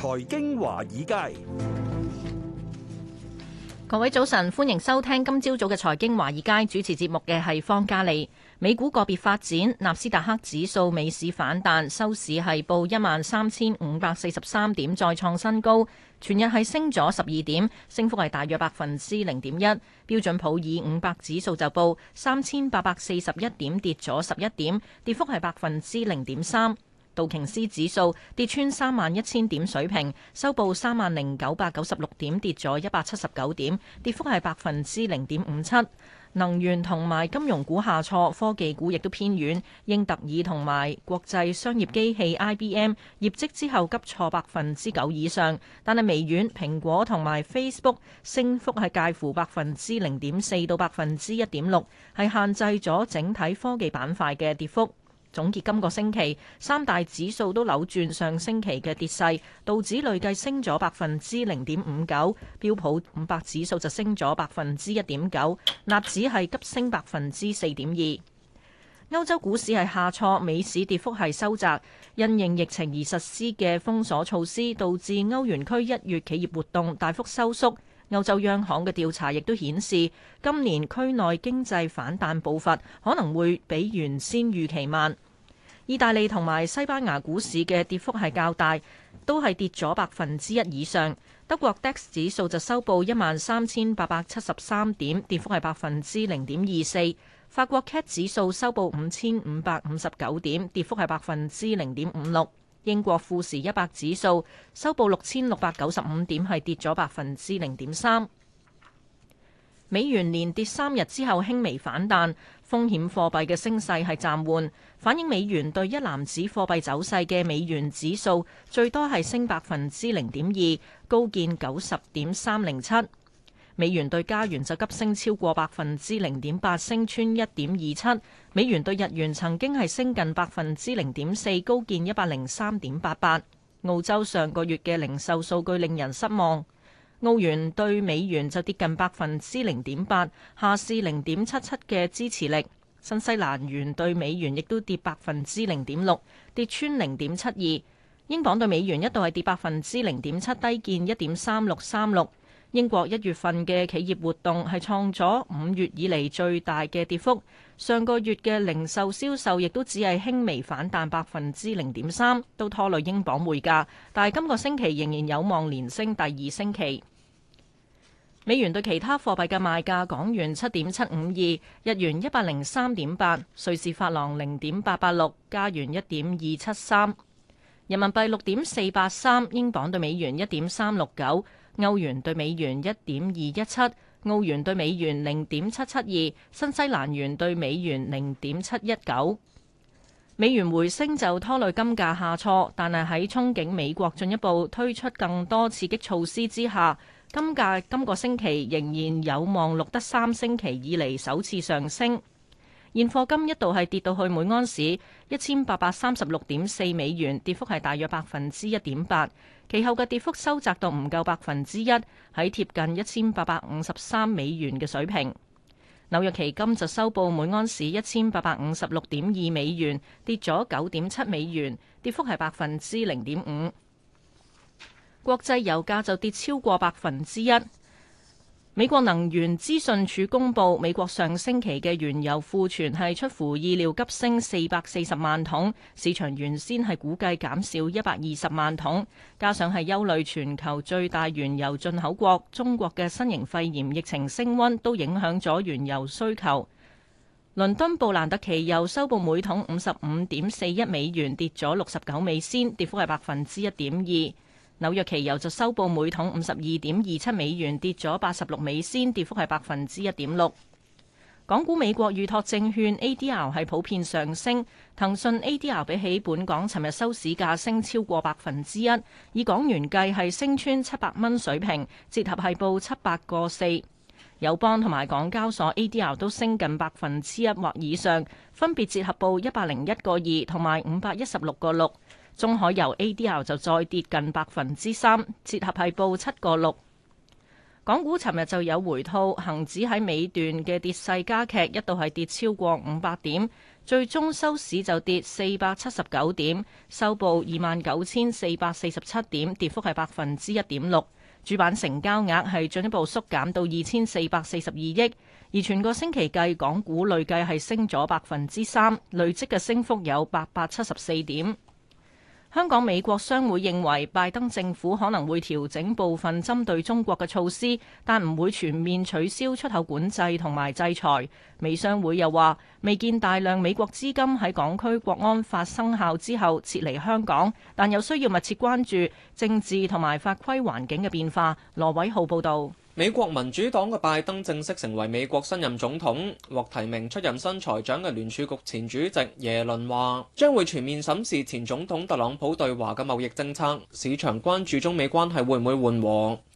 財經華爾街，各位早晨，歡迎收聽今朝早嘅財經華爾街，主持節目嘅係方嘉莉。美股個別發展，納斯達克指數美市反彈，收市係報一萬三千五百四十三點，再創新高，全日係升咗十二點，升幅係大約百分之零點一。標準普爾五百指數就報三千八百四十一點，跌咗十一點，跌幅係百分之零點三。道瓊斯指數跌穿三萬一千點水平，收報三萬零九百九十六點，跌咗一百七十九點，跌幅係百分之零點五七。能源同埋金融股下挫，科技股亦都偏軟。英特爾同埋國際商業機器 IBM 業績之後急挫百分之九以上，但係微軟、蘋果同埋 Facebook 升幅係介乎百分之零點四到百分之一點六，係限制咗整體科技板塊嘅跌幅。總結今個星期，三大指數都扭轉上星期嘅跌勢，道指累計升咗百分之零點五九，標普五百指數就升咗百分之一點九，納指係急升百分之四點二。歐洲股市係下挫，美市跌幅係收窄，因應疫情而實施嘅封鎖措施，導致歐元區一月企業活動大幅收縮。歐洲央行嘅調查亦都顯示，今年區內經濟反彈步伐可能會比原先預期慢。意大利同埋西班牙股市嘅跌幅係較大，都係跌咗百分之一以上。德國 DAX 指數就收報一萬三千八百七十三點，跌幅係百分之零點二四。法國 CAC 指數收報五千五百五十九點，跌幅係百分之零點五六。英國富時一百指數收報六千六百九十五點，係跌咗百分之零點三。美元連跌三日之後輕微反彈。風險貨幣嘅升勢係暫緩，反映美元對一籃子貨幣走勢嘅美元指數最多係升百分之零點二，高見九十點三零七。美元對加元就急升超過百分之零點八，升穿一點二七。美元對日元曾經係升近百分之零點四，高見一百零三點八八。澳洲上個月嘅零售數據令人失望。澳元兌美元就跌近百分之零點八，下試零點七七嘅支持力。新西蘭元兌美元亦都跌百分之零點六，跌穿零點七二。英鎊兌美元一度係跌百分之零點七，低見一點三六三六。英國一月份嘅企業活動係創咗五月以嚟最大嘅跌幅。上個月嘅零售銷售亦都只係輕微反彈百分之零點三，都拖累英鎊匯價。但係今個星期仍然有望連升第二星期。美元對其他貨幣嘅賣價：港元七點七五二，日元一百零三點八，瑞士法郎零點八八六，加元一點二七三，人民幣六點四八三，英鎊對美元一點三六九。歐元兌美元一點二一七，澳元兌美元零點七七二，新西蘭元兌美元零點七一九。美元回升就拖累金價下挫，但係喺憧憬美國進一步推出更多刺激措施之下，金價今個星期仍然有望錄得三星期以嚟首次上升。現貨金一度係跌到去每盎司一千八百三十六點四美元，跌幅係大約百分之一點八。其後嘅跌幅收窄到唔夠百分之一，喺貼近一千八百五十三美元嘅水平。紐約期金就收報每盎司一千八百五十六點二美元，跌咗九點七美元，跌幅係百分之零點五。國際油價就跌超過百分之一。美國能源資訊署公布，美國上星期嘅原油庫存係出乎意料急升四百四十萬桶，市場原先係估計減少一百二十萬桶，加上係憂慮全球最大原油進口國中國嘅新型肺炎疫情升溫，都影響咗原油需求。倫敦布蘭特期油收報每桶五十五點四一美元，跌咗六十九美仙，跌幅係百分之一點二。紐約期油就收報每桶五十二點二七美元，跌咗八十六美仙，跌幅係百分之一點六。港股美國預託證券 ADR 係普遍上升，騰訊 ADR 比起本港尋日收市價升超過百分之一，以港元計係升穿七百蚊水平，折合係報七百個四。友邦同埋港交所 ADR 都升近百分之一或以上，分別折合報一百零一個二同埋五百一十六個六。中海油 ADR 就再跌近百分之三，折合係報七個六。港股尋日就有回吐，恒指喺尾段嘅跌勢加劇，一度係跌超過五百點，最終收市就跌四百七十九點，收報二萬九千四百四十七點，跌幅係百分之一點六。主板成交額係進一步縮減到二千四百四十二億，而全個星期計，港股累計係升咗百分之三，累積嘅升幅有八百七十四點。香港美國商會認為，拜登政府可能會調整部分針對中國嘅措施，但唔會全面取消出口管制同埋制裁。美商會又話，未見大量美國資金喺港區國安法生效之後撤離香港，但又需要密切關注政治同埋法規環境嘅變化。羅偉浩報道。美國民主黨嘅拜登正式成為美國新任總統，獲提名出任新財長嘅聯儲局前主席耶倫話，將會全面審視前總統特朗普對華嘅貿易政策，市場關注中美關係會唔會緩和。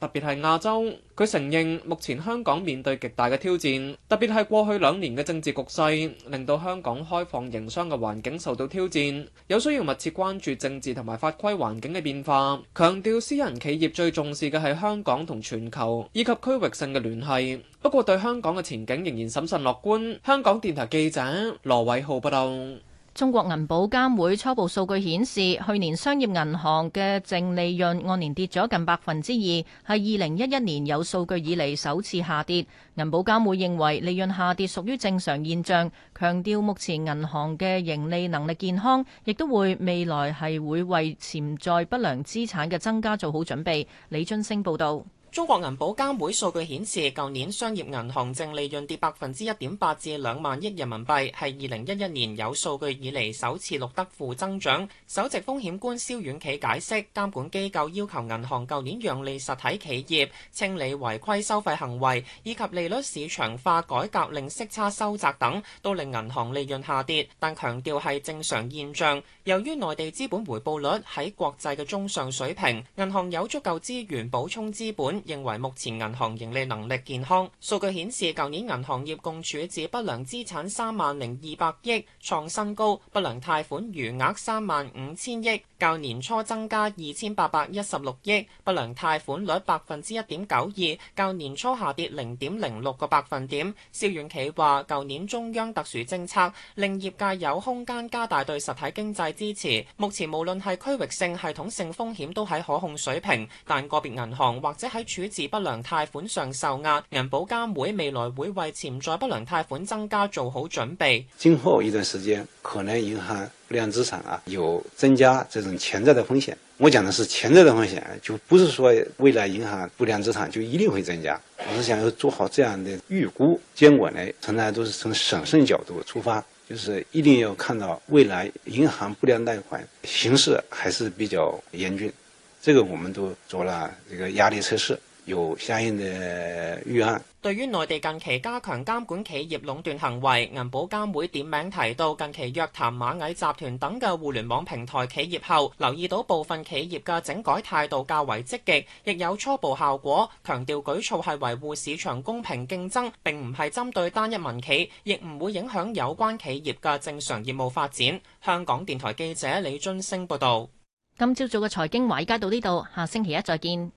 特別係亞洲，佢承認目前香港面對極大嘅挑戰，特別係過去兩年嘅政治局勢，令到香港開放營商嘅環境受到挑戰，有需要密切關注政治同埋法規環境嘅變化。強調私人企業最重視嘅係香港同全球以及區域性嘅聯繫，不過對香港嘅前景仍然審慎樂觀。香港電台記者羅偉浩報道。中國銀保監會初步數據顯示，去年商業銀行嘅淨利潤按年跌咗近百分之二，係二零一一年有數據以嚟首次下跌。銀保監會認為利潤下跌屬於正常現象，強調目前銀行嘅盈利能力健康，亦都會未來係會為潛在不良資產嘅增加做好準備。李津升報道。中國銀保監會數據顯示，舊年商業銀行淨利潤跌百分之一點八至兩萬億人民幣，係二零一一年有數據以嚟首次錄得負增長。首席風險官肖遠企解釋，監管機構要求銀行舊年讓利實體企業、清理違規收費行為以及利率市場化改革令息差收窄等，都令銀行利潤下跌。但強調係正常現象。由於內地資本回報率喺國際嘅中上水平，銀行有足夠資源補充資本。認為目前銀行盈利能力健康。數據顯示，舊年銀行業共處置不良資產三萬零二百億，創新高；不良貸款餘額三萬五千億，較年初增加二千八百一十六億；不良貸款率百分之一點九二，較年初下跌零點零六個百分點。肖遠企話：舊年中央特殊政策令業界有空間加大對實體經濟支持。目前無論係區域性、系統性風險都喺可控水平，但個別銀行或者喺處置不良貸款上受壓，銀保監會未來會為潛在不良貸款增加做好準備。今後一段時間，可能銀行不良資產啊有增加這種潛在的風險。我講的是潛在的風險，就不是說未來銀行不良資產就一定會增加。我是想要做好這樣的預估，監管呢從來都是從審慎角度出發，就是一定要看到未來銀行不良貸款形勢還是比較嚴峻，這個我們都做了這個壓力測試。有相應的預案。對於內地近期加強監管企業壟斷行為，銀保監會點名提到近期約談螞蟻集團等嘅互聯網平台企業後，留意到部分企業嘅整改態度較為積極，亦有初步效果。強調舉措係維護市場公平競爭，並唔係針對單一民企，亦唔會影響有關企業嘅正常業務發展。香港電台記者李津升報道。今朝早嘅財經華爾街到呢度，下星期一再見。